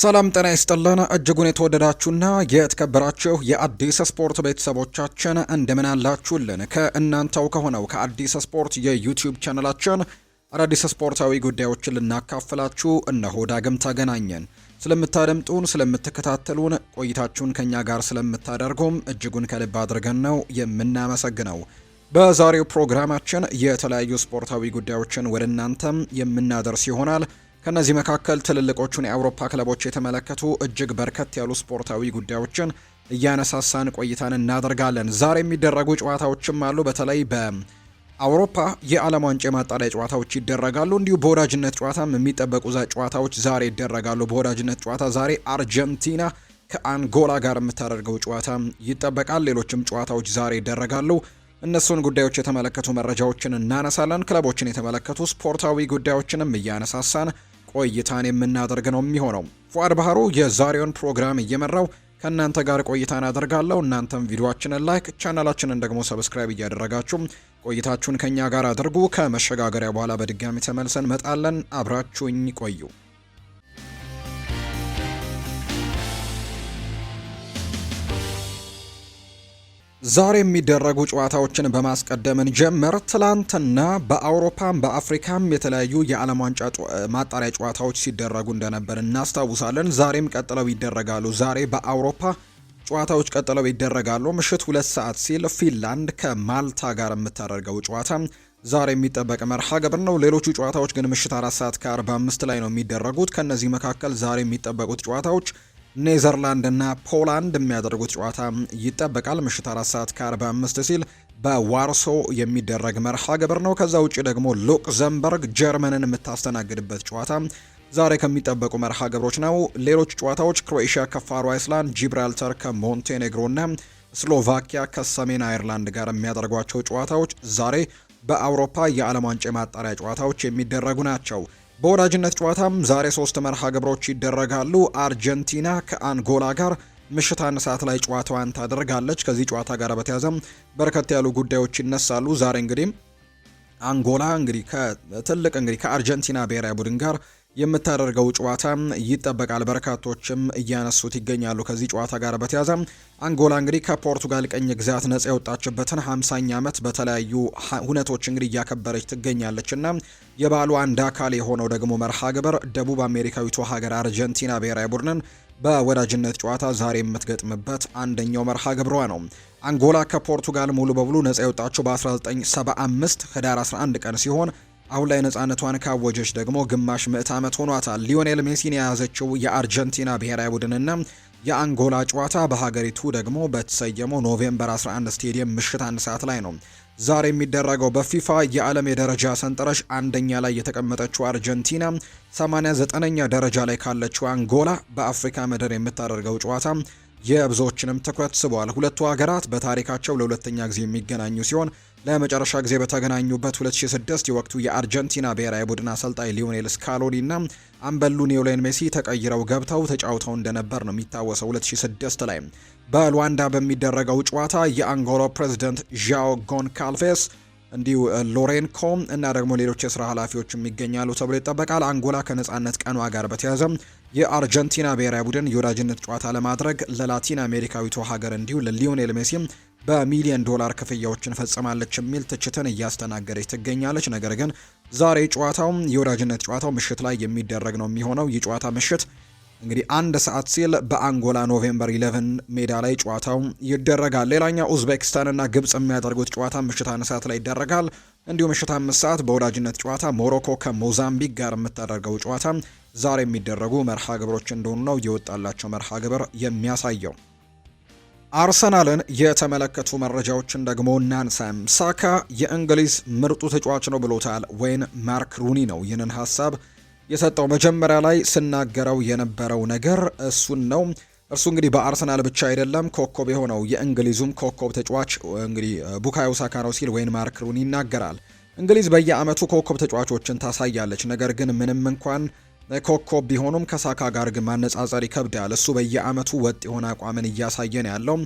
ሰላም ጤና ይስጥልን እጅጉን የተወደዳችሁና የተከበራችሁ የአዲስ ስፖርት ቤተሰቦቻችን እንደምን አላችሁልን? ከእናንተው ከሆነው ከአዲስ ስፖርት የዩቲዩብ ቻነላችን አዳዲስ ስፖርታዊ ጉዳዮችን ልናካፍላችሁ እነሆ ዳግም ተገናኘን። ስለምታደምጡን፣ ስለምትከታተሉን፣ ቆይታችሁን ከእኛ ጋር ስለምታደርጉም እጅጉን ከልብ አድርገን ነው የምናመሰግነው። በዛሬው ፕሮግራማችን የተለያዩ ስፖርታዊ ጉዳዮችን ወደ እናንተም የምናደርስ ይሆናል። ከእነዚህ መካከል ትልልቆቹን የአውሮፓ ክለቦች የተመለከቱ እጅግ በርከት ያሉ ስፖርታዊ ጉዳዮችን እያነሳሳን ቆይታን እናደርጋለን። ዛሬ የሚደረጉ ጨዋታዎችም አሉ። በተለይ በአውሮፓ የዓለም ዋንጫ የማጣሪያ ጨዋታዎች ይደረጋሉ። እንዲሁ በወዳጅነት ጨዋታም የሚጠበቁ ጨዋታዎች ዛሬ ይደረጋሉ። በወዳጅነት ጨዋታ ዛሬ አርጀንቲና ከአንጎላ ጋር የምታደርገው ጨዋታ ይጠበቃል። ሌሎችም ጨዋታዎች ዛሬ ይደረጋሉ። እነሱን ጉዳዮች የተመለከቱ መረጃዎችን እናነሳለን። ክለቦችን የተመለከቱ ስፖርታዊ ጉዳዮችንም እያነሳሳን ቆይታን የምናደርግ ነው የሚሆነው። ፏድ ባህሩ የዛሬውን ፕሮግራም እየመራው ከእናንተ ጋር ቆይታን አደርጋለሁ። እናንተም ቪዲዮችንን ላይክ፣ ቻናላችንን ደግሞ ሰብስክራይብ እያደረጋችሁ ቆይታችሁን ከኛ ጋር አድርጉ። ከመሸጋገሪያ በኋላ በድጋሚ ተመልሰን መጣለን። አብራችሁኝ ቆዩ። ዛሬ የሚደረጉ ጨዋታዎችን በማስቀደም እንጀምር። ትላንትና በአውሮፓም በአፍሪካም የተለያዩ የዓለም ዋንጫ ማጣሪያ ጨዋታዎች ሲደረጉ እንደነበር እናስታውሳለን። ዛሬም ቀጥለው ይደረጋሉ። ዛሬ በአውሮፓ ጨዋታዎች ቀጥለው ይደረጋሉ። ምሽት ሁለት ሰዓት ሲል ፊንላንድ ከማልታ ጋር የምታደርገው ጨዋታ ዛሬ የሚጠበቅ መርሃ ግብር ነው። ሌሎቹ ጨዋታዎች ግን ምሽት አራት ሰዓት ከአርባ አምስት ላይ ነው የሚደረጉት። ከእነዚህ መካከል ዛሬ የሚጠበቁት ጨዋታዎች ኔዘርላንድ እና ፖላንድ የሚያደርጉት ጨዋታ ይጠበቃል። ምሽት አራት ሰዓት ከ45 ሲል በዋርሶ የሚደረግ መርሃ ግብር ነው። ከዛ ውጭ ደግሞ ሉክዘምበርግ ጀርመንን የምታስተናግድበት ጨዋታ ዛሬ ከሚጠበቁ መርሃ ግብሮች ነው። ሌሎች ጨዋታዎች ክሮኤሽያ ከፋሮ አይስላንድ፣ ጂብራልተር ከሞንቴኔግሮ እና ስሎቫኪያ ከሰሜን አይርላንድ ጋር የሚያደርጓቸው ጨዋታዎች ዛሬ በአውሮፓ የዓለም ዋንጫ ማጣሪያ ጨዋታዎች የሚደረጉ ናቸው። በወዳጅነት ጨዋታም ዛሬ ሶስት መርሃ ግብሮች ይደረጋሉ። አርጀንቲና ከአንጎላ ጋር ምሽት አንድ ሰዓት ላይ ጨዋታዋን ታደርጋለች። ከዚህ ጨዋታ ጋር በተያዘም በርከት ያሉ ጉዳዮች ይነሳሉ። ዛሬ እንግዲህ አንጎላ እንግዲህ ከትልቅ እንግዲህ ከአርጀንቲና ብሔራዊ ቡድን ጋር የምታደርገው ጨዋታ ይጠበቃል። በርካቶችም እያነሱት ይገኛሉ። ከዚህ ጨዋታ ጋር በተያዘ አንጎላ እንግዲህ ከፖርቱጋል ቅኝ ግዛት ነጻ የወጣችበትን ሀምሳኛ ዓመት በተለያዩ ሁነቶች እንግዲህ እያከበረች ትገኛለችና የባሉ አንድ አካል የሆነው ደግሞ መርሃ ግብር ደቡብ አሜሪካዊቱ ሀገር አርጀንቲና ብሔራዊ ቡድንን በወዳጅነት ጨዋታ ዛሬ የምትገጥምበት አንደኛው መርሃ ግብሯ ነው። አንጎላ ከፖርቱጋል ሙሉ በሙሉ ነጻ የወጣችው በ1975 ህዳር 11 ቀን ሲሆን አሁን ላይ ነፃነቷን ካወጀች ደግሞ ግማሽ ምዕት ዓመት ሆኗታል። ሊዮኔል ሜሲን የያዘችው የአርጀንቲና ብሔራዊ ቡድንና የአንጎላ ጨዋታ በሀገሪቱ ደግሞ በተሰየመው ኖቬምበር 11 ስቴዲየም ምሽት አንድ ሰዓት ላይ ነው ዛሬ የሚደረገው። በፊፋ የዓለም የደረጃ ሰንጠረዥ አንደኛ ላይ የተቀመጠችው አርጀንቲና 89ኛ ደረጃ ላይ ካለችው አንጎላ በአፍሪካ ምድር የምታደርገው ጨዋታ የብዙዎችንም ትኩረት ስቧል። ሁለቱ ሀገራት በታሪካቸው ለሁለተኛ ጊዜ የሚገናኙ ሲሆን ለመጨረሻ ጊዜ በተገናኙበት 2006 የወቅቱ የአርጀንቲና ብሔራዊ ቡድን አሰልጣኝ ሊዮኔል ስካሎኒ እና አምበሉ ሊዮኔል ሜሲ ተቀይረው ገብተው ተጫውተው እንደነበር ነው የሚታወሰው። 2006 ላይ በሉዋንዳ በሚደረገው ጨዋታ የአንጎላው ፕሬዚደንት ዣኦ ጎንካልቬስ እንዲሁ ሎሬንኮ እና ደግሞ ሌሎች የስራ ኃላፊዎችም ይገኛሉ ተብሎ ይጠበቃል። አንጎላ ከነጻነት ቀኗ ጋር በተያያዘ የአርጀንቲና ብሔራዊ ቡድን የወዳጅነት ጨዋታ ለማድረግ ለላቲን አሜሪካዊቱ ሀገር እንዲሁ ለሊዮኔል ሜሲም በሚሊዮን ዶላር ክፍያዎችን ፈጽማለች የሚል ትችትን እያስተናገደች ትገኛለች። ነገር ግን ዛሬ ጨዋታው የወዳጅነት ጨዋታው ምሽት ላይ የሚደረግ ነው የሚሆነው። ይህ ጨዋታ ምሽት እንግዲህ አንድ ሰዓት ሲል በአንጎላ ኖቬምበር 11 ሜዳ ላይ ጨዋታው ይደረጋል። ሌላኛው ኡዝቤክስታንና ግብጽ የሚያደርጉት ጨዋታ ምሽት አንድ ሰዓት ላይ ይደረጋል። እንዲሁም ምሽት አምስት ሰዓት በወዳጅነት ጨዋታ ሞሮኮ ከሞዛምቢክ ጋር የምታደርገው ጨዋታ ዛሬ የሚደረጉ መርሃ ግብሮች እንደሆኑ ነው የወጣላቸው መርሃ ግብር የሚያሳየው። አርሰናልን የተመለከቱ መረጃዎችን ደግሞ እናንሳም። ሳካ የእንግሊዝ ምርጡ ተጫዋች ነው ብሎታል ወይን ማርክ ሩኒ ነው ይህንን ሀሳብ የሰጠው። መጀመሪያ ላይ ስናገረው የነበረው ነገር እሱን ነው። እርሱ እንግዲህ በአርሰናል ብቻ አይደለም ኮከብ የሆነው የእንግሊዙም ኮከብ ተጫዋች እንግዲህ ቡካዮ ሳካ ነው ሲል ወይን ማርክ ሩኒ ይናገራል። እንግሊዝ በየአመቱ ኮከብ ተጫዋቾችን ታሳያለች። ነገር ግን ምንም እንኳን ኮከብ ቢሆኑም ከሳካ ጋር ግን ማነጻጸር ይከብዳል። እሱ በየአመቱ ወጥ የሆነ አቋምን እያሳየ ነው ያለው።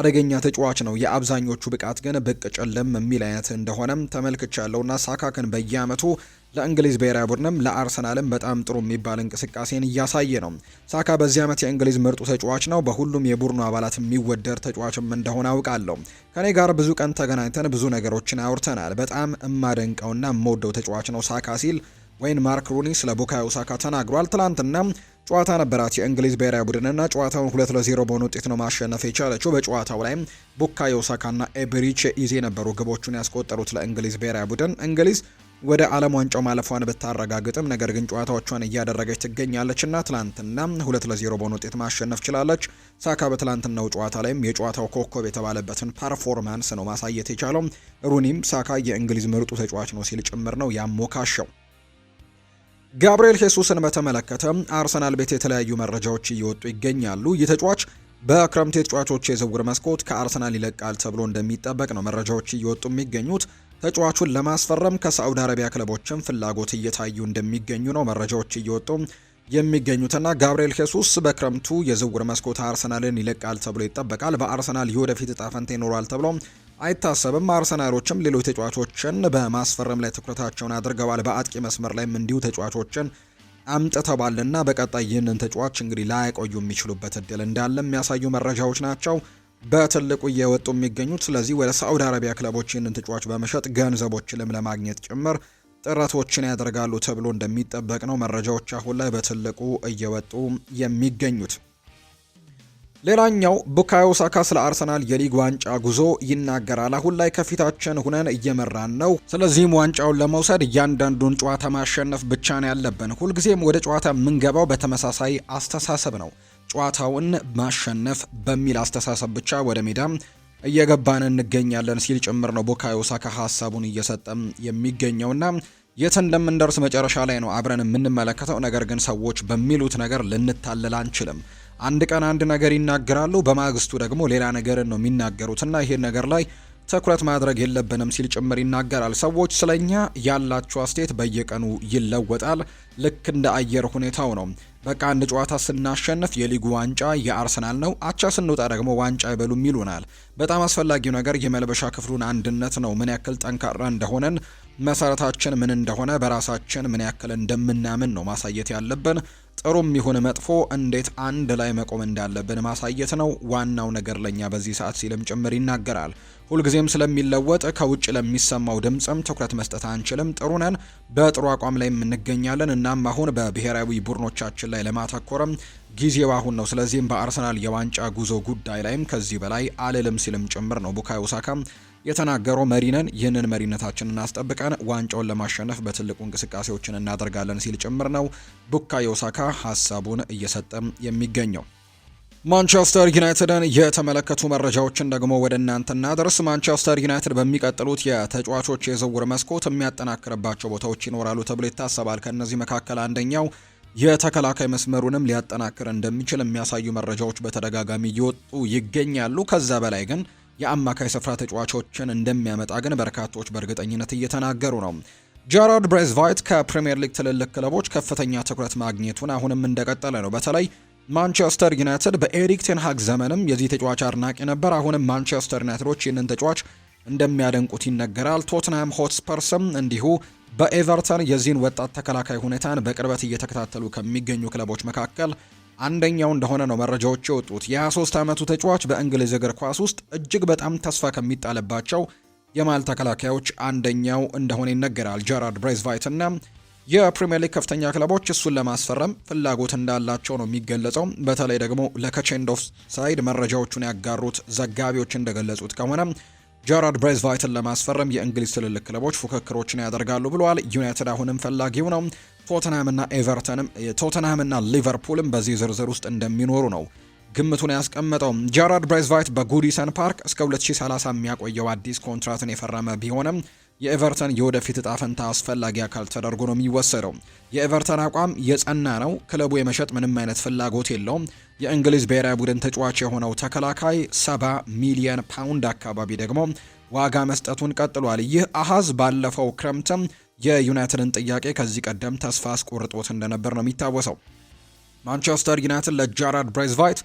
አደገኛ ተጫዋች ነው። የአብዛኞቹ ብቃት ግን ብቅ ጭልም የሚል አይነት እንደሆነም ሳካ ሳካክን በየአመቱ ለእንግሊዝ ብሔራዊ ቡድንም ለአርሰናልም በጣም ጥሩ የሚባል እንቅስቃሴን እያሳየ ነው። ሳካ በዚህ ዓመት የእንግሊዝ ምርጡ ተጫዋች ነው። በሁሉም የቡድኑ አባላት የሚወደድ ተጫዋችም እንደሆነ አውቃለሁ። ከኔ ጋር ብዙ ቀን ተገናኝተን ብዙ ነገሮችን አውርተናል። በጣም እማደንቀውና የምወደው ተጫዋች ነው ሳካ ሲል ወይን ማርክ ሩኒ ስለ ቡካዮ ሳካ ተናግሯል። ትላንትና ጨዋታ ነበራት የእንግሊዝ ብሔራዊ ቡድንና ጨዋታውን ሁለት ለዜሮ በሆነ ውጤት ነው ማሸነፍ የቻለችው። በጨዋታው ላይም ቡካዮ ሳካና ኤብሪቼ ኢዜ ነበሩ ግቦቹን ያስቆጠሩት ለእንግሊዝ ብሔራዊ ቡድን እንግሊዝ ወደ ዓለም ዋንጫው ማለፏን ብታረጋግጥም ነገር ግን ጨዋታዎቿን እያደረገች ትገኛለችና ትላንትና ሁለት ለዜሮ በሆነ ውጤት ማሸነፍ ችላለች። ሳካ በትላንትናው ጨዋታ ላይም የጨዋታው ኮከብ የተባለበትን ፐርፎርማንስ ነው ማሳየት የቻለው። ሩኒም ሳካ የእንግሊዝ ምርጡ ተጫዋች ነው ሲል ጭምር ነው ያሞካሸው። ጋብርኤል ሄሱስን በተመለከተ አርሰናል ቤት የተለያዩ መረጃዎች እየወጡ ይገኛሉ። ይህ ተጫዋች በክረምት የተጫዋቾች የዝውውር መስኮት ከአርሰናል ይለቃል ተብሎ እንደሚጠበቅ ነው መረጃዎች እየወጡ የሚገኙት። ተጫዋቹን ለማስፈረም ከሳዑዲ አረቢያ ክለቦችም ፍላጎት እየታዩ እንደሚገኙ ነው መረጃዎች እየወጡ የሚገኙትና ጋብርኤል ሄሱስ በክረምቱ የዝውውር መስኮት አርሰናልን ይለቃል ተብሎ ይጠበቃል። በአርሰናል የወደፊት እጣ ፈንታ ይኖራል ተብሎ አይታሰብም። አርሰናሎችም ሌሎች ተጫዋቾችን በማስፈረም ላይ ትኩረታቸውን አድርገዋል። በአጥቂ መስመር ላይም እንዲሁ ተጫዋቾችን አምጥተዋልና በቀጣይ ይህንን ተጫዋች እንግዲህ ላያቆዩ የሚችሉበት እድል እንዳለ የሚያሳዩ መረጃዎች ናቸው በትልቁ እየወጡ የሚገኙት። ስለዚህ ወደ ሳዑዲ አረቢያ ክለቦች ይህንን ተጫዋች በመሸጥ ገንዘቦችንም ለማግኘት ጭምር ጥረቶችን ያደርጋሉ ተብሎ እንደሚጠበቅ ነው መረጃዎች አሁን ላይ በትልቁ እየወጡ የሚገኙት። ሌላኛው ቡካዮ ሳካ ስለ አርሰናል የሊግ ዋንጫ ጉዞ ይናገራል። አሁን ላይ ከፊታችን ሁነን እየመራን ነው። ስለዚህም ዋንጫውን ለመውሰድ እያንዳንዱን ጨዋታ ማሸነፍ ብቻ ነው ያለብን። ሁልጊዜም ወደ ጨዋታ የምንገባው በተመሳሳይ አስተሳሰብ ነው። ጨዋታውን ማሸነፍ በሚል አስተሳሰብ ብቻ ወደ ሜዳም እየገባን እንገኛለን ሲል ጭምር ነው ቡካዮ ሳካ ሀሳቡን እየሰጠም የሚገኘውና የት እንደምንደርስ መጨረሻ ላይ ነው አብረን የምንመለከተው። ነገር ግን ሰዎች በሚሉት ነገር ልንታለል አንችልም። አንድ ቀን አንድ ነገር ይናገራሉ፣ በማግስቱ ደግሞ ሌላ ነገር ነው እና ይሄን ነገር ላይ ትኩረት ማድረግ የለብንም ሲል ጭምር ይናገራል። ሰዎች ስለኛ ያላቸው አስተያየት በየቀኑ ይለወጣል። ልክ እንደ አየር ሁኔታው ነው። በቃ አንድ ጨዋታ ስናሸንፍ የሊጉ ዋንጫ የአርሰናል ነው፣ አቻ ስንወጣ ደግሞ ዋንጫ አይበሉም ይሉናል። በጣም አስፈላጊው ነገር የመልበሻ ክፍሉን አንድነት ነው። ምን ያክል ጠንካራ እንደሆነን መሰረታችን ምን እንደሆነ በራሳችን ምን ያክል እንደምናምን ነው ማሳየት ያለብን። ጥሩም ይሁን መጥፎ እንዴት አንድ ላይ መቆም እንዳለብን ማሳየት ነው ዋናው ነገር ለእኛ በዚህ ሰዓት ሲልም ጭምር ይናገራል። ሁልጊዜም ስለሚለወጥ ከውጭ ለሚሰማው ድምፅም ትኩረት መስጠት አንችልም። ጥሩ ነን፣ በጥሩ አቋም ላይ እንገኛለን። እናም አሁን በብሔራዊ ቡድኖቻችን ላይ ለማተኮርም ጊዜው አሁን ነው። ስለዚህም በአርሰናል የዋንጫ ጉዞ ጉዳይ ላይም ከዚህ በላይ አልልም ሲልም ጭምር ነው ቡካዮ የተናገረው መሪነን ይህንን መሪነታችንን አስጠብቀን ዋንጫውን ለማሸነፍ በትልቁ እንቅስቃሴዎችን እናደርጋለን ሲል ጭምር ነው ቡካ የኦሳካ ሀሳቡን እየሰጠም የሚገኘው። ማንቸስተር ዩናይትድን የተመለከቱ መረጃዎችን ደግሞ ወደ እናንተ እናደርስ። ማንቸስተር ዩናይትድ በሚቀጥሉት የተጫዋቾች የዝውውር መስኮት የሚያጠናክርባቸው ቦታዎች ይኖራሉ ተብሎ ይታሰባል። ከእነዚህ መካከል አንደኛው የተከላካይ መስመሩንም ሊያጠናክር እንደሚችል የሚያሳዩ መረጃዎች በተደጋጋሚ እየወጡ ይገኛሉ። ከዛ በላይ ግን የአማካይ ስፍራ ተጫዋቾችን እንደሚያመጣ ግን በርካቶች በእርግጠኝነት እየተናገሩ ነው። ጀራርድ ብሬዝቫይት ከፕሪምየር ሊግ ትልልቅ ክለቦች ከፍተኛ ትኩረት ማግኘቱን አሁንም እንደቀጠለ ነው። በተለይ ማንቸስተር ዩናይትድ በኤሪክ ቴንሃግ ዘመንም የዚህ ተጫዋች አድናቂ ነበር። አሁንም ማንቸስተር ዩናይትዶች ይህንን ተጫዋች እንደሚያደንቁት ይነገራል። ቶትንሃም ሆትስፐርስም እንዲሁ በኤቨርተን የዚህን ወጣት ተከላካይ ሁኔታን በቅርበት እየተከታተሉ ከሚገኙ ክለቦች መካከል አንደኛው እንደሆነ ነው መረጃዎች የወጡት። የ23 ዓመቱ ተጫዋች በእንግሊዝ እግር ኳስ ውስጥ እጅግ በጣም ተስፋ ከሚጣልባቸው የማል ተከላካዮች አንደኛው እንደሆነ ይነገራል። ጀራርድ ብሬዝቫይት እና የፕሪምየር ሊግ ከፍተኛ ክለቦች እሱን ለማስፈረም ፍላጎት እንዳላቸው ነው የሚገለጸው። በተለይ ደግሞ ለከቼንዶፍ ሳይድ መረጃዎቹን ያጋሩት ዘጋቢዎች እንደገለጹት ከሆነ ጀራርድ ብሬዝቫይትን ለማስፈረም የእንግሊዝ ትልልቅ ክለቦች ፉክክሮችን ያደርጋሉ ብለዋል። ዩናይትድ አሁንም ፈላጊው ነው። ቶተንሃምና ኤቨርተንም ቶተንሃምና ሊቨርፑልም በዚህ ዝርዝር ውስጥ እንደሚኖሩ ነው ግምቱን ያስቀመጠው። ጀራርድ ብሬዝቫይት በጉዲሰን ፓርክ እስከ 2030 የሚያቆየው አዲስ ኮንትራትን የፈረመ ቢሆንም የኤቨርተን የወደፊት እጣ ፈንታ አስፈላጊ አካል ተደርጎ ነው የሚወሰደው። የኤቨርተን አቋም የጸና ነው። ክለቡ የመሸጥ ምንም አይነት ፍላጎት የለውም። የእንግሊዝ ብሔራዊ ቡድን ተጫዋች የሆነው ተከላካይ ሰባ ሚሊዮን ፓውንድ አካባቢ ደግሞ ዋጋ መስጠቱን ቀጥሏል። ይህ አሃዝ ባለፈው ክረምትም የዩናይትድን ጥያቄ ከዚህ ቀደም ተስፋ አስቆርጦት እንደነበር ነው የሚታወሰው። ማንቸስተር ዩናይትድ ለጃራድ ብሬዝቫይት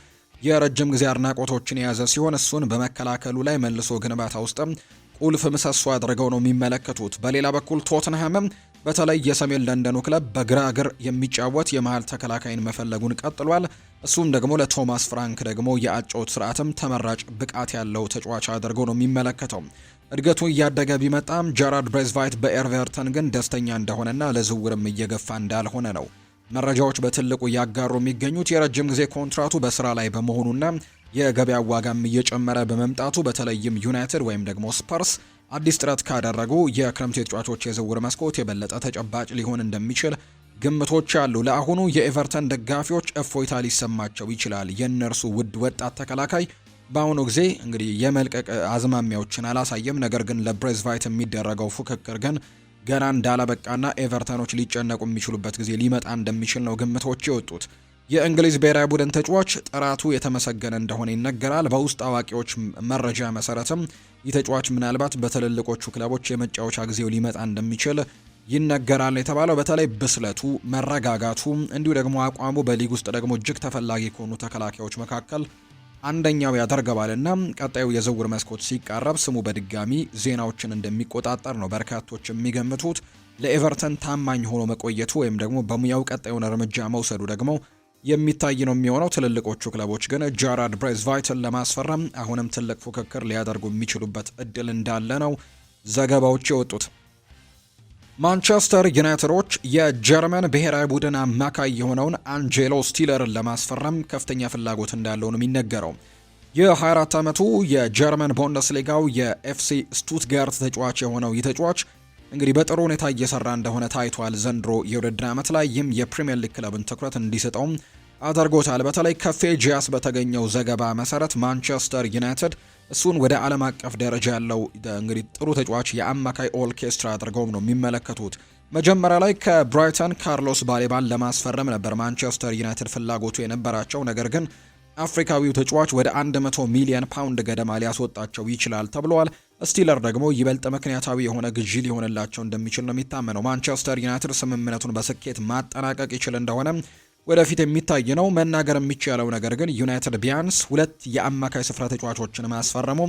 የረጅም ጊዜ አድናቆቶችን የያዘ ሲሆን እሱን በመከላከሉ ላይ መልሶ ግንባታ ውስጥም ቁልፍ ምሰሶ አድርገው ነው የሚመለከቱት። በሌላ በኩል ቶትንሃምም በተለይ የሰሜን ለንደኑ ክለብ በግራ እግር የሚጫወት የመሀል ተከላካይን መፈለጉን ቀጥሏል። እሱም ደግሞ ለቶማስ ፍራንክ ደግሞ የአጨዋወት ስርዓትም ተመራጭ ብቃት ያለው ተጫዋች አድርጎ ነው የሚመለከተው። እድገቱ እያደገ ቢመጣም ጀራርድ ብሬዝቫይት በኤቨርተን ግን ደስተኛ እንደሆነና ለዝውውርም እየገፋ እንዳልሆነ ነው መረጃዎች በትልቁ ያጋሩ የሚገኙት። የረጅም ጊዜ ኮንትራቱ በስራ ላይ በመሆኑና የገበያ ዋጋም እየጨመረ በመምጣቱ በተለይም ዩናይትድ ወይም ደግሞ ስፐርስ አዲስ ጥረት ካደረጉ የክረምት የተጫዋቾች የዝውውር መስኮት የበለጠ ተጨባጭ ሊሆን እንደሚችል ግምቶች አሉ። ለአሁኑ የኤቨርተን ደጋፊዎች እፎይታ ሊሰማቸው ይችላል። የእነርሱ ውድ ወጣት ተከላካይ በአሁኑ ጊዜ እንግዲህ የመልቀቅ አዝማሚያዎችን አላሳየም። ነገር ግን ለብሬዝቫይት የሚደረገው ፉክክር ግን ገና እንዳላበቃና ኤቨርተኖች ሊጨነቁ የሚችሉበት ጊዜ ሊመጣ እንደሚችል ነው ግምቶች የወጡት። የእንግሊዝ ብሔራዊ ቡድን ተጫዋች ጥራቱ የተመሰገነ እንደሆነ ይነገራል። በውስጥ አዋቂዎች መረጃ መሰረትም ይህ ተጫዋች ምናልባት በትልልቆቹ ክለቦች የመጫወቻ ጊዜው ሊመጣ እንደሚችል ይነገራል የተባለው በተለይ ብስለቱ፣ መረጋጋቱ እንዲሁ ደግሞ አቋሙ በሊግ ውስጥ ደግሞ እጅግ ተፈላጊ ከሆኑ ተከላካዮች መካከል አንደኛው ያደርገዋልና ቀጣዩ የዝውውር መስኮት ሲቃረብ ስሙ በድጋሚ ዜናዎችን እንደሚቆጣጠር ነው በርካቶች የሚገምቱት። ለኤቨርተን ታማኝ ሆኖ መቆየቱ ወይም ደግሞ በሙያው ቀጣዩን እርምጃ መውሰዱ ደግሞ የሚታይ ነው የሚሆነው። ትልልቆቹ ክለቦች ግን ጃራድ ብሬዝቫይትን ለማስፈረም አሁንም ትልቅ ፉክክር ሊያደርጉ የሚችሉበት እድል እንዳለ ነው ዘገባዎች የወጡት። ማንቸስተር ዩናይትዶች የጀርመን ብሔራዊ ቡድን አማካይ የሆነውን አንጄሎ ስቲለርን ለማስፈረም ከፍተኛ ፍላጎት እንዳለው ነው የሚነገረው። የ24 ዓመቱ የጀርመን ቡንደስሊጋው የኤፍሲ ስቱትጋርት ተጫዋች የሆነው ይህ ተጫዋች እንግዲህ በጥሩ ሁኔታ እየሰራ እንደሆነ ታይቷል። ዘንድሮ የውድድር ዓመት ላይ ይህም የፕሪምየር ሊግ ክለብን ትኩረት እንዲሰጠውም አድርጎታል። በተለይ ጂያስ በተገኘው ዘገባ መሰረት ማንቸስተር ዩናይትድ እሱን ወደ ዓለም አቀፍ ደረጃ ያለው እንግዲህ ጥሩ ተጫዋች የአማካይ ኦርኬስትራ አድርገውም ነው የሚመለከቱት። መጀመሪያ ላይ ከብራይተን ካርሎስ ባሌባን ለማስፈረም ነበር ማንቸስተር ዩናይትድ ፍላጎቱ የነበራቸው። ነገር ግን አፍሪካዊው ተጫዋች ወደ 100 ሚሊዮን ፓውንድ ገደማ ሊያስወጣቸው ይችላል ተብለዋል። ስቲለር ደግሞ ይበልጥ ምክንያታዊ የሆነ ግዢ ሊሆንላቸው እንደሚችል ነው የሚታመነው። ማንቸስተር ዩናይትድ ስምምነቱን በስኬት ማጠናቀቅ ይችል እንደሆነም። ወደፊት የሚታይ ነው። መናገር የሚቻለው ነገር ግን ዩናይትድ ቢያንስ ሁለት የአማካይ ስፍራ ተጫዋቾችን ማስፈረሙ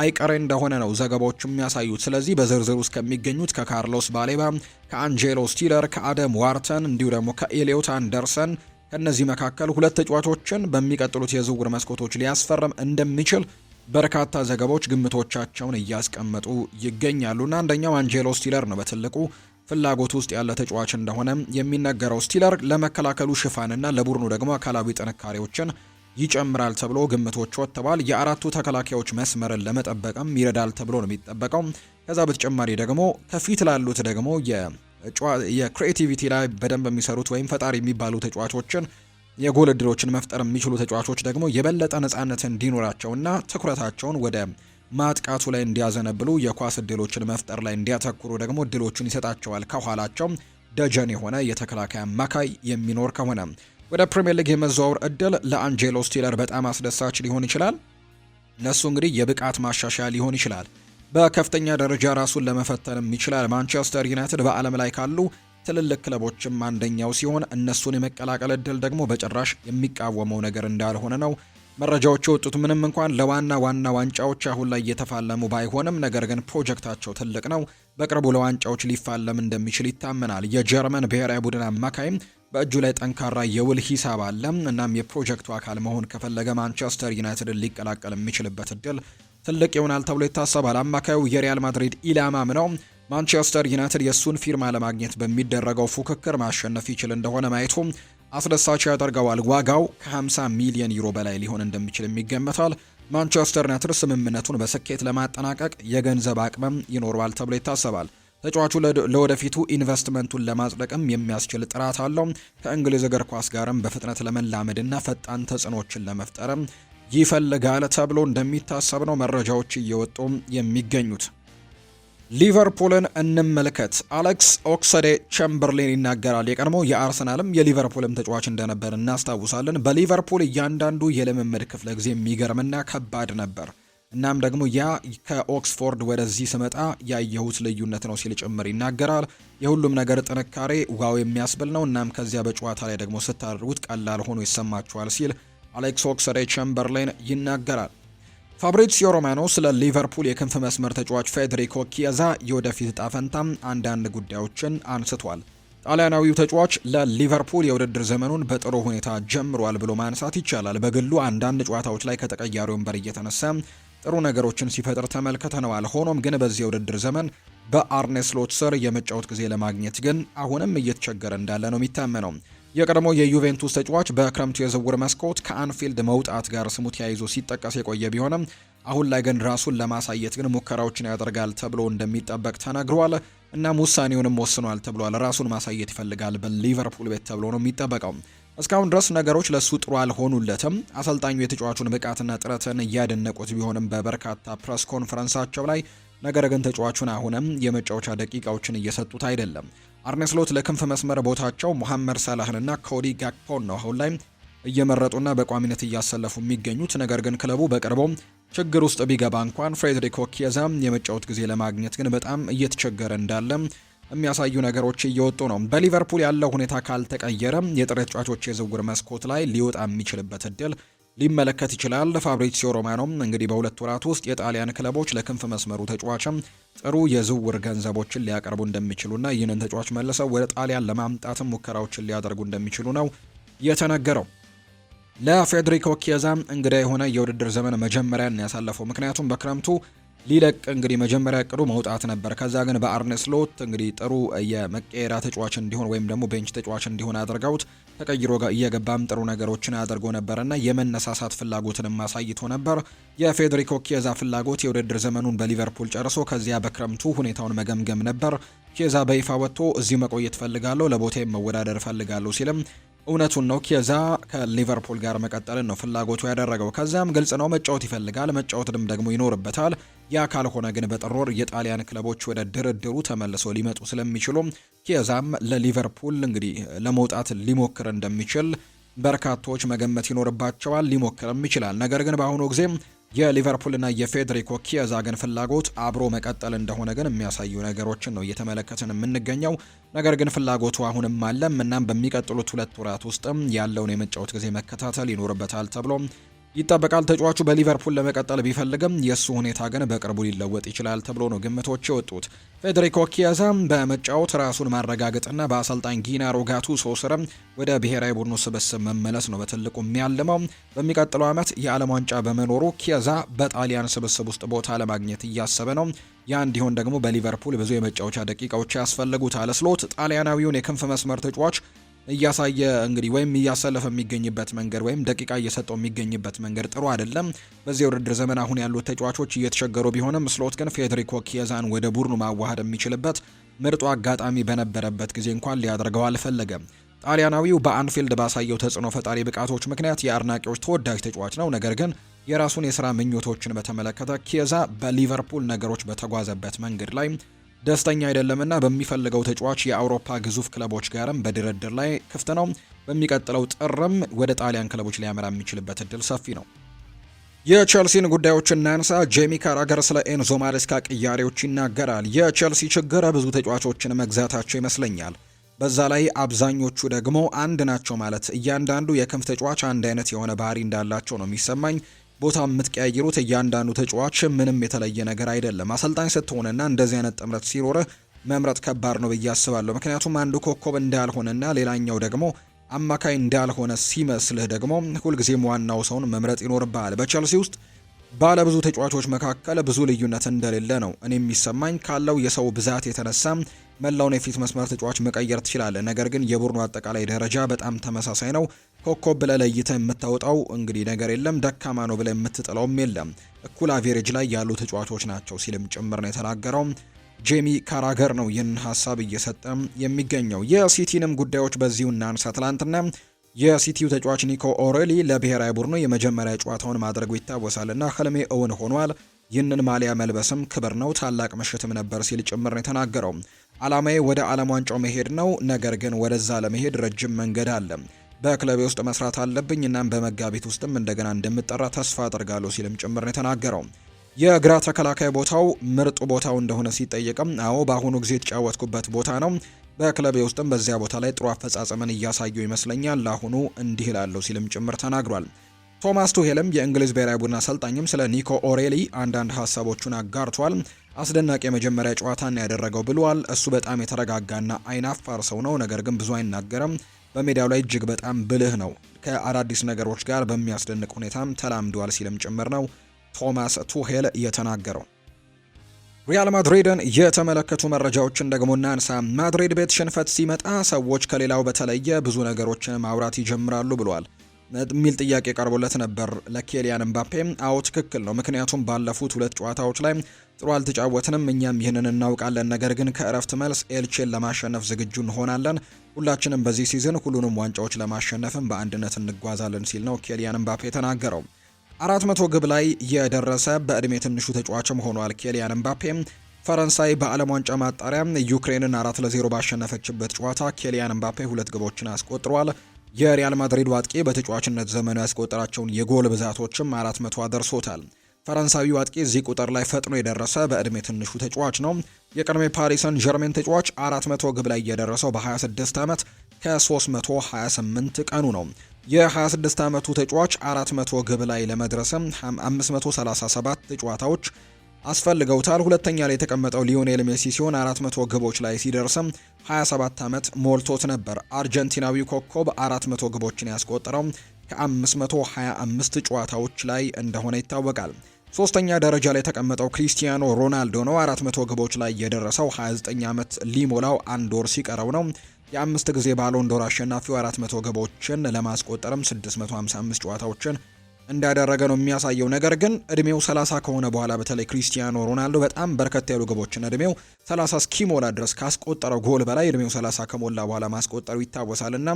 አይቀሬ እንደሆነ ነው ዘገባዎቹ የሚያሳዩት። ስለዚህ በዝርዝር ውስጥ ከሚገኙት ከካርሎስ ባሌባ፣ ከአንጄሎ ስቲለር፣ ከአደም ዋርተን እንዲሁ ደግሞ ከኤሊዮት አንደርሰን ከእነዚህ መካከል ሁለት ተጫዋቾችን በሚቀጥሉት የዝውውር መስኮቶች ሊያስፈርም እንደሚችል በርካታ ዘገባዎች ግምቶቻቸውን እያስቀመጡ ይገኛሉና አንደኛው አንጄሎ ስቲለር ነው በትልቁ ፍላጎት ውስጥ ያለ ተጫዋች እንደሆነ የሚነገረው ስቲለር ለመከላከሉ ሽፋንና ለቡድኑ ደግሞ አካላዊ ጥንካሬዎችን ይጨምራል ተብሎ ግምቶች ወጥተዋል። የአራቱ ተከላካዮች መስመርን ለመጠበቅም ይረዳል ተብሎ ነው የሚጠበቀው። ከዛ በተጨማሪ ደግሞ ከፊት ላሉት ደግሞ የክሬቲቪቲ ላይ በደንብ የሚሰሩት ወይም ፈጣሪ የሚባሉ ተጫዋቾችን የጎል እድሎችን መፍጠር የሚችሉ ተጫዋቾች ደግሞ የበለጠ ነፃነት እንዲኖራቸውና ትኩረታቸውን ወደ ማጥቃቱ ላይ እንዲያዘነብሉ የኳስ እድሎችን መፍጠር ላይ እንዲያተኩሩ ደግሞ እድሎቹን ይሰጣቸዋል። ከኋላቸው ደጀን የሆነ የተከላካይ አማካይ የሚኖር ከሆነ ወደ ፕሪምየር ሊግ የመዘዋወር እድል ለአንጄሎ ስቲለር በጣም አስደሳች ሊሆን ይችላል። እነሱ እንግዲህ የብቃት ማሻሻያ ሊሆን ይችላል። በከፍተኛ ደረጃ ራሱን ለመፈተንም ይችላል። ማንቸስተር ዩናይትድ በዓለም ላይ ካሉ ትልልቅ ክለቦችም አንደኛው ሲሆን እነሱን የመቀላቀል እድል ደግሞ በጭራሽ የሚቃወመው ነገር እንዳልሆነ ነው መረጃዎቹ የወጡት ምንም እንኳን ለዋና ዋና ዋንጫዎች አሁን ላይ እየተፋለሙ ባይሆንም ነገር ግን ፕሮጀክታቸው ትልቅ ነው፣ በቅርቡ ለዋንጫዎች ሊፋለም እንደሚችል ይታመናል። የጀርመን ብሔራዊ ቡድን አማካይም በእጁ ላይ ጠንካራ የውል ሂሳብ አለ። እናም የፕሮጀክቱ አካል መሆን ከፈለገ ማንቸስተር ዩናይትድን ሊቀላቀል የሚችልበት እድል ትልቅ ይሆናል ተብሎ ይታሰባል። አማካዩ የሪያል ማድሪድ ኢላማም ነው። ማንቸስተር ዩናይትድ የእሱን ፊርማ ለማግኘት በሚደረገው ፉክክር ማሸነፍ ይችል እንደሆነ ማየቱ አስደሳች ያደርገዋል። ዋጋው ከ50 ሚሊዮን ዩሮ በላይ ሊሆን እንደሚችል ይገመታል። ማንቸስተር ዩናይትድ ስምምነቱን በስኬት ለማጠናቀቅ የገንዘብ አቅምም ይኖረዋል ተብሎ ይታሰባል። ተጫዋቹ ለወደፊቱ ኢንቨስትመንቱን ለማጽደቅም የሚያስችል ጥራት አለው። ከእንግሊዝ እግር ኳስ ጋርም በፍጥነት ለመላመድና ፈጣን ተጽዕኖችን ለመፍጠርም ይፈልጋል ተብሎ እንደሚታሰብ ነው መረጃዎች እየወጡ የሚገኙት። ሊቨርፑልን እንመልከት። አሌክስ ኦክሰዴ ቸምበርሊን ይናገራል። የቀድሞው የአርሰናልም የሊቨርፑልም ተጫዋች እንደነበር እናስታውሳለን። በሊቨርፑል እያንዳንዱ የልምምድ ክፍለ ጊዜ የሚገርምና ከባድ ነበር። እናም ደግሞ ያ ከኦክስፎርድ ወደዚህ ስመጣ ያየሁት ልዩነት ነው ሲል ጭምር ይናገራል። የሁሉም ነገር ጥንካሬ ዋው የሚያስብል ነው። እናም ከዚያ በጨዋታ ላይ ደግሞ ስታደርጉት ቀላል ሆኖ ይሰማችኋል ሲል አሌክስ ኦክሰዴ ቸምበርሊን ይናገራል። ፋብሪሲዮ ሮማኖ ስለ ሊቨርፑል የክንፍ መስመር ተጫዋች ፌዴሪኮ ኪያዛ የወደፊት እጣ አንዳንድ ጉዳዮችን አንስቷል። ጣሊያናዊው ተጫዋች ለሊቨርፑል የውድድር ዘመኑን በጥሩ ሁኔታ ጀምሯል ብሎ ማንሳት ይቻላል። በግሉ አንዳንድ ጨዋታዎች ላይ ከተቀያሪ ወንበር እየተነሳ ጥሩ ነገሮችን ሲፈጥር ተመልክተነዋል። ሆኖም ግን በዚህ የውድድር ዘመን በአርኔ ስር የመጫወት ጊዜ ለማግኘት ግን አሁንም እየተቸገረ እንዳለ ነው የሚታመነው። የቀድሞ የዩቬንቱስ ተጫዋች በክረምቱ የዝውውር መስኮት ከአንፊልድ መውጣት ጋር ስሙ ተያይዞ ሲጠቀስ የቆየ ቢሆንም አሁን ላይ ግን ራሱን ለማሳየት ግን ሙከራዎችን ያደርጋል ተብሎ እንደሚጠበቅ ተናግሯል። እናም ውሳኔውንም ወስኗል ተብሏል። ራሱን ማሳየት ይፈልጋል በሊቨርፑል ቤት ተብሎ ነው የሚጠበቀው። እስካሁን ድረስ ነገሮች ለሱ ጥሩ አልሆኑለትም። አሰልጣኙ የተጫዋቹን ብቃትና ጥረትን እያደነቁት ቢሆንም በበርካታ ፕሬስ ኮንፈረንሳቸው ላይ ነገር ግን ተጫዋቹን አሁንም የመጫወቻ ደቂቃዎችን እየሰጡት አይደለም። አርኔስሎት ለክንፍ መስመር ቦታቸው ሞሐመድ ሳላህንና ኮዲ ጋክፖን ነው አሁን ላይ እየመረጡና በቋሚነት እያሰለፉ የሚገኙት። ነገር ግን ክለቡ በቅርቡ ችግር ውስጥ ቢገባ እንኳን ፍሬድሪኮ ኪየዛም የመጫወት ጊዜ ለማግኘት ግን በጣም እየተቸገረ እንዳለ የሚያሳዩ ነገሮች እየወጡ ነው። በሊቨርፑል ያለው ሁኔታ ካልተቀየረ የጥሬ ተጫዋቾች የዝውውር መስኮት ላይ ሊወጣ የሚችልበት እድል ሊመለከት ይችላል። ፋብሪሲዮ ሮማኖም እንግዲህ በሁለት ወራት ውስጥ የጣሊያን ክለቦች ለክንፍ መስመሩ ተጫዋችም ጥሩ የዝውውር ገንዘቦችን ሊያቀርቡ እንደሚችሉና ይህንን ተጫዋች መልሰው ወደ ጣሊያን ለማምጣትም ሙከራዎችን ሊያደርጉ እንደሚችሉ ነው የተነገረው። ለፌዴሪኮ ኪየዛም እንግዳ የሆነ የውድድር ዘመን መጀመሪያን ያሳለፈው ምክንያቱም በክረምቱ ሊለቅ እንግዲህ መጀመሪያ እቅዱ መውጣት ነበር። ከዛ ግን በአርኔ ስሎት እንግዲህ ጥሩ የመቀየሪያ ተጫዋች እንዲሆን ወይም ደግሞ ቤንች ተጫዋች እንዲሆን አድርገውት ተቀይሮ እየገባም ጥሩ ነገሮችን አድርጎ ነበርና የመነሳሳት ፍላጎትንም አሳይቶ ነበር። የፌዴሪኮ ኬዛ ፍላጎት የውድድር ዘመኑን በሊቨርፑል ጨርሶ ከዚያ በክረምቱ ሁኔታውን መገምገም ነበር። ኬዛ በይፋ ወጥቶ እዚሁ መቆየት ፈልጋለሁ፣ ለቦታ መወዳደር ፈልጋለሁ ሲልም እውነቱን ነው ኬዛ ከሊቨርፑል ጋር መቀጠልን ነው ፍላጎቱ ያደረገው። ከዛም ግልጽ ነው መጫወት ይፈልጋል፣ መጫወት ድም ደግሞ ይኖርበታል። ያ ካልሆነ ግን በጥሮር የጣሊያን ክለቦች ወደ ድርድሩ ተመልሶ ሊመጡ ስለሚችሉ ኬዛም ለሊቨርፑል እንግዲህ ለመውጣት ሊሞክር እንደሚችል በርካቶች መገመት ይኖርባቸዋል። ሊሞክርም ይችላል። ነገር ግን በአሁኑ ጊዜ የሊቨርፑልና የፌዴሪኮ ኪያዛ ግን ፍላጎት አብሮ መቀጠል እንደሆነ ግን የሚያሳዩ ነገሮችን ነው እየተመለከትን የምንገኘው። ነገር ግን ፍላጎቱ አሁንም አለም እናም በሚቀጥሉት ሁለት ወራት ውስጥም ያለውን የመጫወት ጊዜ መከታተል ይኖርበታል ተብሎ ይጠበቃል። ተጫዋቹ በሊቨርፑል ለመቀጠል ቢፈልግም የእሱ ሁኔታ ግን በቅርቡ ሊለወጥ ይችላል ተብሎ ነው ግምቶች የወጡት። ፌዴሪኮ ኪያዛ በመጫወት ራሱን ማረጋገጥና በአሰልጣኝ ጊናሮ ጋቱሶ ስርም ወደ ብሔራዊ ቡድኑ ስብስብ መመለስ ነው በትልቁ የሚያልመው። በሚቀጥለው ዓመት የዓለም ዋንጫ በመኖሩ ኪያዛ በጣሊያን ስብስብ ውስጥ ቦታ ለማግኘት እያሰበ ነው። ያ እንዲሆን ደግሞ በሊቨርፑል ብዙ የመጫወቻ ደቂቃዎች ያስፈልጉታል። ስሎት ጣሊያናዊውን የክንፍ መስመር ተጫዋች እያሳየ እንግዲህ ወይም እያሰለፈ የሚገኝበት መንገድ ወይም ደቂቃ እየሰጠው የሚገኝበት መንገድ ጥሩ አይደለም። በዚህ የውድድር ዘመን አሁን ያሉት ተጫዋቾች እየተቸገሩ ቢሆንም ስሎት ግን ፌዴሪኮ ኪየዛን ወደ ቡድኑ ማዋሃድ የሚችልበት ምርጡ አጋጣሚ በነበረበት ጊዜ እንኳን ሊያደርገው አልፈለገም። ጣሊያናዊው በአንፊልድ ባሳየው ተጽዕኖ ፈጣሪ ብቃቶች ምክንያት የአድናቂዎች ተወዳጅ ተጫዋች ነው። ነገር ግን የራሱን የስራ ምኞቶችን በተመለከተ ኪየዛ በሊቨርፑል ነገሮች በተጓዘበት መንገድ ላይ ደስተኛ አይደለምና በሚፈልገው ተጫዋች የአውሮፓ ግዙፍ ክለቦች ጋርም በድርድር ላይ ክፍት ነው። በሚቀጥለው ጥርም ወደ ጣሊያን ክለቦች ሊያመራ የሚችልበት እድል ሰፊ ነው። የቼልሲን ጉዳዮች እናንሳ። ጄሚ ካራገር ስለ ኤንዞ ማሬስካ ቅያሬዎች ይናገራል። የቼልሲ ችግር ብዙ ተጫዋቾችን መግዛታቸው ይመስለኛል። በዛ ላይ አብዛኞቹ ደግሞ አንድ ናቸው ማለት እያንዳንዱ የክንፍ ተጫዋች አንድ አይነት የሆነ ባህሪ እንዳላቸው ነው የሚሰማኝ ቦታ የምትቀያይሩት እያንዳንዱ ተጫዋች ምንም የተለየ ነገር አይደለም። አሰልጣኝ ስትሆንና እንደዚህ አይነት ጥምረት ሲኖረ መምረጥ ከባድ ነው ብዬ አስባለሁ። ምክንያቱም አንዱ ኮከብ እንዳልሆነና ሌላኛው ደግሞ አማካይ እንዳልሆነ ሲመስልህ ደግሞ ሁልጊዜም ዋናው ሰውን መምረጥ ይኖርብሃል። በቼልሲ ውስጥ ባለ ብዙ ተጫዋቾች መካከል ብዙ ልዩነት እንደሌለ ነው እኔ የሚሰማኝ። ካለው የሰው ብዛት የተነሳ መላውን የፊት መስመር ተጫዋች መቀየር ትችላለህ። ነገር ግን የቡድኑ አጠቃላይ ደረጃ በጣም ተመሳሳይ ነው። ኮከብ ብለህ ለይተህ የምታወጣው እንግዲህ ነገር የለም፣ ደካማ ነው ብለህ የምትጥለውም የለም። እኩል አቬሬጅ ላይ ያሉ ተጫዋቾች ናቸው ሲልም ጭምር ነው የተናገረው። ጄሚ ካራገር ነው ይህን ሀሳብ እየሰጠ የሚገኘው። የሲቲንም ጉዳዮች በዚሁ እናንሳ። ትላንትና የሲቲው ተጫዋች ኒኮ ኦሬሊ ለብሔራዊ ቡድኑ የመጀመሪያ ጨዋታውን ማድረጉ ይታወሳልና ህልሜ እውን ሆኗል። ይህንን ማሊያ መልበስም ክብር ነው፣ ታላቅ ምሽትም ነበር ሲል ጭምር ነው የተናገረው። አላማዬ ወደ ዓለም ዋንጫው መሄድ ነው። ነገር ግን ወደዛ ለመሄድ ረጅም መንገድ አለ። በክለቤ ውስጥ መስራት አለብኝ። እናም በመጋቢት ውስጥም እንደገና እንደምጠራ ተስፋ አደርጋለሁ ሲልም ጭምር ነው የተናገረው። የግራ ተከላካይ ቦታው ምርጡ ቦታው እንደሆነ ሲጠየቅም፣ አዎ በአሁኑ ጊዜ የተጫወትኩበት ቦታ ነው። በክለቤ ውስጥም በዚያ ቦታ ላይ ጥሩ አፈጻጸምን እያሳዩ ይመስለኛል። ለአሁኑ እንዲህ ላለሁ ሲልም ጭምር ተናግሯል። ቶማስ ቱሄልም የእንግሊዝ ብሔራዊ ቡድን አሰልጣኝም ስለ ኒኮ ኦሬሊ አንዳንድ ሀሳቦቹን አጋርቷል። አስደናቂ የመጀመሪያ ጨዋታን ያደረገው ብሏል። እሱ በጣም የተረጋጋና አይናፋር ሰው ነው፣ ነገር ግን ብዙ አይናገርም። በሜዳው ላይ እጅግ በጣም ብልህ ነው። ከአዳዲስ ነገሮች ጋር በሚያስደንቅ ሁኔታም ተላምዷል ሲልም ጭምር ነው ቶማስ ቱሄል የተናገረው። ሪያል ማድሪድን የተመለከቱ መረጃዎችን ደግሞ እናንሳ። ማድሪድ ቤት ሽንፈት ሲመጣ ሰዎች ከሌላው በተለየ ብዙ ነገሮችን ማውራት ይጀምራሉ ብሏል። የሚል ጥያቄ ቀርቦለት ነበር ለኬሊያን እምባፔ። አዎ ትክክል ነው፣ ምክንያቱም ባለፉት ሁለት ጨዋታዎች ላይ ጥሩ አልተጫወትንም፣ እኛም ይህንን እናውቃለን። ነገር ግን ከእረፍት መልስ ኤልቼን ለማሸነፍ ዝግጁ እንሆናለን። ሁላችንም በዚህ ሲዝን ሁሉንም ዋንጫዎች ለማሸነፍም በአንድነት እንጓዛለን ሲል ነው ኬሊያን እምባፔ የተናገረው። አራት መቶ ግብ ላይ የደረሰ በእድሜ ትንሹ ተጫዋችም ሆኗል ኬሊያን እምባፔ። ፈረንሳይ በዓለም ዋንጫ ማጣሪያ ዩክሬንን አራት ለዜሮ ባሸነፈችበት ጨዋታ ኬሊያን እምባፔ ሁለት ግቦችን አስቆጥሯል። የሪያል ማድሪድ አጥቂ በተጫዋችነት ዘመኑ ያስቆጠራቸውን የጎል ብዛቶችም አራት መቶ አደርሶታል። ፈረንሳዊው አጥቂ እዚህ ቁጥር ላይ ፈጥኖ የደረሰ በእድሜ ትንሹ ተጫዋች ነው። የቀድሞ ፓሪሰን ጀርሜን ተጫዋች 400 ግብ ላይ እየደረሰው በ26 ዓመት ከ328 ቀኑ ነው። የ26 ዓመቱ ተጫዋች 400 ግብ ላይ ለመድረስም 537 ጨዋታዎች አስፈልገውታል። ሁለተኛ ላይ የተቀመጠው ሊዮኔል ሜሲ ሲሆን 400 ግቦች ላይ ሲደርስም 27 ዓመት ሞልቶት ነበር። አርጀንቲናዊ ኮከብ 400 ግቦችን ያስቆጠረው ከ525 ጨዋታዎች ላይ እንደሆነ ይታወቃል። ሶስተኛ ደረጃ ላይ የተቀመጠው ክሪስቲያኖ ሮናልዶ ነው። 400 ግቦች ላይ የደረሰው 29 ዓመት ሊሞላው አንድ ወር ሲቀረው ነው። የአምስት ጊዜ ባሎንዶር አሸናፊው 400 ግቦችን ለማስቆጠርም 655 ጨዋታዎችን እንዳደረገ ነው የሚያሳየው። ነገር ግን እድሜው 30 ከሆነ በኋላ በተለይ ክሪስቲያኖ ሮናልዶ በጣም በርከት ያሉ ግቦችን እድሜው 30 እስኪሞላ ድረስ ካስቆጠረው ጎል በላይ እድሜው 30 ከሞላ በኋላ ማስቆጠሩ ይታወሳልና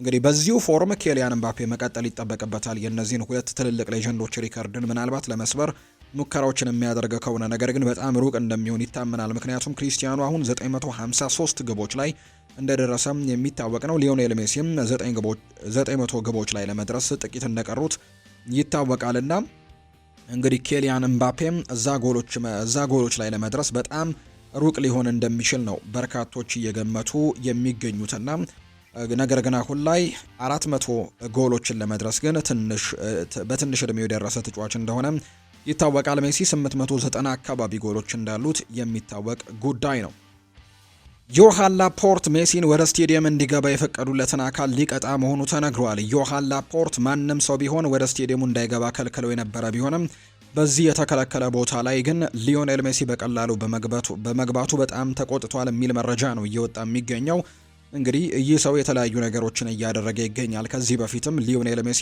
እንግዲህ በዚሁ ፎርም ኬሊያን ምባፔ መቀጠል ይጠበቅበታል። የእነዚህን ሁለት ትልልቅ ሌጀንዶች ሪከርድን ምናልባት ለመስበር ሙከራዎችን የሚያደርገ ከሆነ ነገር ግን በጣም ሩቅ እንደሚሆን ይታመናል። ምክንያቱም ክሪስቲያኖ አሁን 953 ግቦች ላይ እንደደረሰም የሚታወቅ ነው። ሊዮኔል ሜሲም 900 ግቦች ላይ ለመድረስ ጥቂት እንደቀሩት ይታወቃልና እንግዲህ ኬሊያን እምባፔም እዛ ጎሎች ላይ ለመድረስ በጣም ሩቅ ሊሆን እንደሚችል ነው በርካቶች እየገመቱ የሚገኙትና ነገር ግን አሁን ላይ አራት መቶ ጎሎችን ለመድረስ ግን በትንሽ እድሜው የደረሰ ተጫዋች እንደሆነ ይታወቃል። ሜሲ 890 አካባቢ ጎሎች እንዳሉት የሚታወቅ ጉዳይ ነው። ዮሃን ላፖርት ሜሲን ወደ ስቴዲየም እንዲገባ የፈቀዱለትን አካል ሊቀጣ መሆኑ ተነግሯል። ዮሃን ላፖርት ማንም ሰው ቢሆን ወደ ስቴዲየሙ እንዳይገባ ከልክለው የነበረ ቢሆንም በዚህ የተከለከለ ቦታ ላይ ግን ሊዮኔል ሜሲ በቀላሉ በመግባቱ በጣም ተቆጥቷል የሚል መረጃ ነው እየወጣ የሚገኘው። እንግዲህ ይህ ሰው የተለያዩ ነገሮችን እያደረገ ይገኛል። ከዚህ በፊትም ሊዮኔል ሜሲ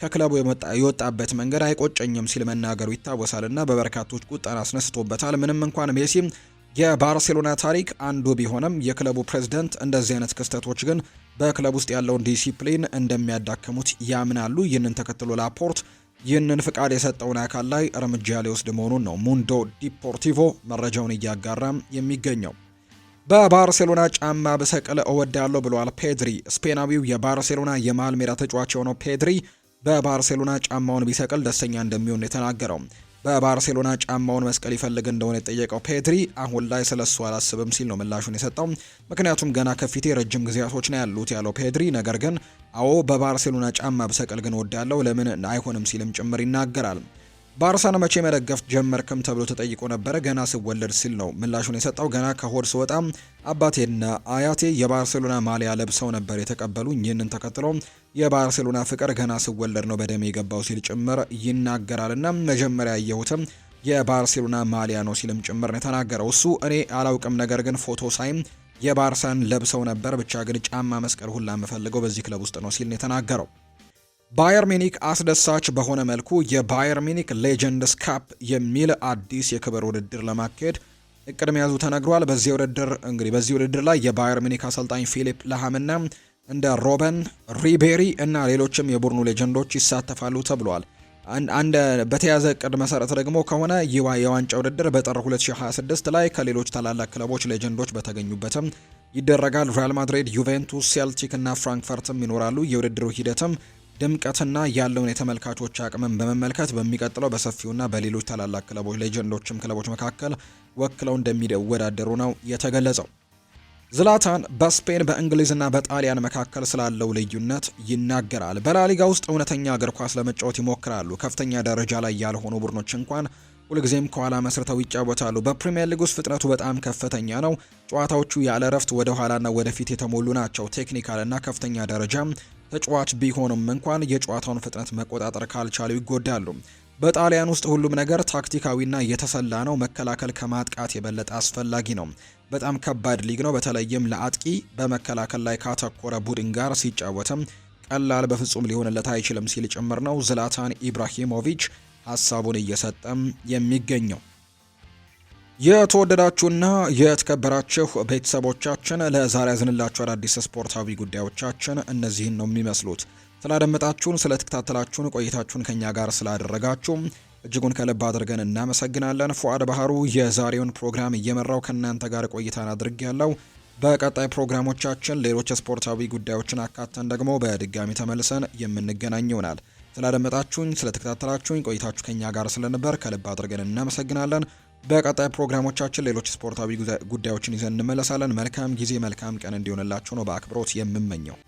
ከክለቡ የወጣበት መንገድ አይቆጨኝም ሲል መናገሩ ይታወሳል እና በበርካቶች ቁጣን አስነስቶበታል። ምንም እንኳን ሜሲ የባርሴሎና ታሪክ አንዱ ቢሆንም የክለቡ ፕሬዝደንት እንደዚህ አይነት ክስተቶች ግን በክለብ ውስጥ ያለውን ዲሲፕሊን እንደሚያዳክሙት ያምናሉ። ይህንን ተከትሎ ላፖርት ይህንን ፍቃድ የሰጠውን አካል ላይ እርምጃ ሊወስድ መሆኑን ነው ሙንዶ ዲፖርቲቮ መረጃውን እያጋራም የሚገኘው። በባርሴሎና ጫማ ብሰቅል እወዳለሁ ብለዋል ፔድሪ። ስፔናዊው የባርሴሎና የመሃል ሜዳ ተጫዋች የሆነው ፔድሪ በባርሴሎና ጫማውን ቢሰቅል ደስተኛ እንደሚሆን የተናገረው በባርሴሎና ጫማውን መስቀል ይፈልግ እንደሆነ የጠየቀው ፔድሪ አሁን ላይ ስለሱ አላስብም ሲል ነው ምላሹን የሰጠው። ምክንያቱም ገና ከፊቴ ረጅም ጊዜያቶች ነው ያሉት ያለው ፔድሪ፣ ነገር ግን አዎ በባርሴሎና ጫማ ብሰቀል ግን ወዳለው ለምን አይሆንም ሲልም ጭምር ይናገራል። ባርሳን መቼ መደገፍ ጀመርክም ተብሎ ተጠይቆ ነበረ። ገና ስወለድ ሲል ነው ምላሹን የሰጠው። ገና ከሆድ ስወጣም አባቴና አያቴ የባርሴሎና ማሊያ ለብሰው ነበር የተቀበሉኝ። ይህንን ተከትሎ የባርሴሎና ፍቅር ገና ስወለድ ነው በደሜ የገባው ሲል ጭምር ይናገራልና መጀመሪያ ያየሁትም የባርሴሎና ማሊያ ነው ሲልም ጭምር ነው የተናገረው። እሱ እኔ አላውቅም፣ ነገር ግን ፎቶ ሳይም የባርሳን ለብሰው ነበር። ብቻ ግን ጫማ መስቀል ሁላ የምፈልገው በዚህ ክለብ ውስጥ ነው ሲል ነው የተናገረው። ባየር ሚኒክ አስደሳች በሆነ መልኩ የባየር ሚኒክ ሌጀንድስ ካፕ የሚል አዲስ የክብር ውድድር ለማካሄድ እቅድ መያዙ ተነግሯል። በዚህ ውድድር እንግዲህ በዚህ ውድድር ላይ የባየር ሚኒክ አሰልጣኝ ፊሊፕ ላሃምና እንደ ሮበን ሪቤሪ እና ሌሎችም የቡድኑ ሌጀንዶች ይሳተፋሉ ተብሏል። አንድ በተያዘ እቅድ መሰረት ደግሞ ከሆነ ይዋ የዋንጫ ውድድር በጥር 2026 ላይ ከሌሎች ታላላቅ ክለቦች ሌጀንዶች በተገኙበትም ይደረጋል። ሪያል ማድሪድ፣ ዩቬንቱስ፣ ሴልቲክ እና ፍራንክፈርትም ይኖራሉ። የውድድሩ ሂደትም ድምቀትና ያለውን የተመልካቾች አቅምን በመመልከት በሚቀጥለው በሰፊውና በሌሎች ታላላቅ ክለቦች ሌጀንዶችም ክለቦች መካከል ወክለው እንደሚወዳደሩ ነው የተገለጸው። ዝላታን በስፔን በእንግሊዝና በጣሊያን መካከል ስላለው ልዩነት ይናገራል። በላሊጋ ውስጥ እውነተኛ እግር ኳስ ለመጫወት ይሞክራሉ። ከፍተኛ ደረጃ ላይ ያልሆኑ ቡድኖች እንኳን ሁልጊዜም ከኋላ መስርተው ይጫወታሉ። በፕሪምየር ሊግ ውስጥ ፍጥነቱ በጣም ከፍተኛ ነው። ጨዋታዎቹ ያለ እረፍት ወደ ኋላና ወደፊት የተሞሉ ናቸው። ቴክኒካልና ከፍተኛ ደረጃ ተጫዋች ቢሆኑም እንኳን የጨዋታውን ፍጥነት መቆጣጠር ካልቻሉ ይጎዳሉ። በጣሊያን ውስጥ ሁሉም ነገር ታክቲካዊና የተሰላ ነው። መከላከል ከማጥቃት የበለጠ አስፈላጊ ነው። በጣም ከባድ ሊግ ነው። በተለይም ለአጥቂ በመከላከል ላይ ካተኮረ ቡድን ጋር ሲጫወትም ቀላል በፍጹም ሊሆንለት አይችልም ሲል ጭምር ነው ዝላታን ኢብራሂሞቪች ሀሳቡን እየሰጠም የሚገኘው። የተወደዳችሁና የተከበራችሁ ቤተሰቦቻችን ለዛሬ ያዝንላችሁ አዳዲስ ስፖርታዊ ጉዳዮቻችን እነዚህን ነው የሚመስሉት። ስላደመጣችሁን፣ ስለተከታተላችሁን፣ ቆይታችሁን ከኛ ጋር ስላደረጋችሁ እጅጉን ከልብ አድርገን እናመሰግናለን። ፉአድ ባህሩ የዛሬውን ፕሮግራም እየመራው ከእናንተ ጋር ቆይታን አድርግ ያለው። በቀጣይ ፕሮግራሞቻችን ሌሎች ስፖርታዊ ጉዳዮችን አካተን ደግሞ በድጋሚ ተመልሰን የምንገናኝ ይሆናል። ስላደመጣችሁኝ፣ ስለተከታተላችሁኝ ቆይታችሁ ከኛ ጋር ስለነበር ከልብ አድርገን እናመሰግናለን። በቀጣይ ፕሮግራሞቻችን ሌሎች ስፖርታዊ ጉዳዮችን ይዘን እንመለሳለን። መልካም ጊዜ፣ መልካም ቀን እንዲሆንላችሁ ነው በአክብሮት የምመኘው።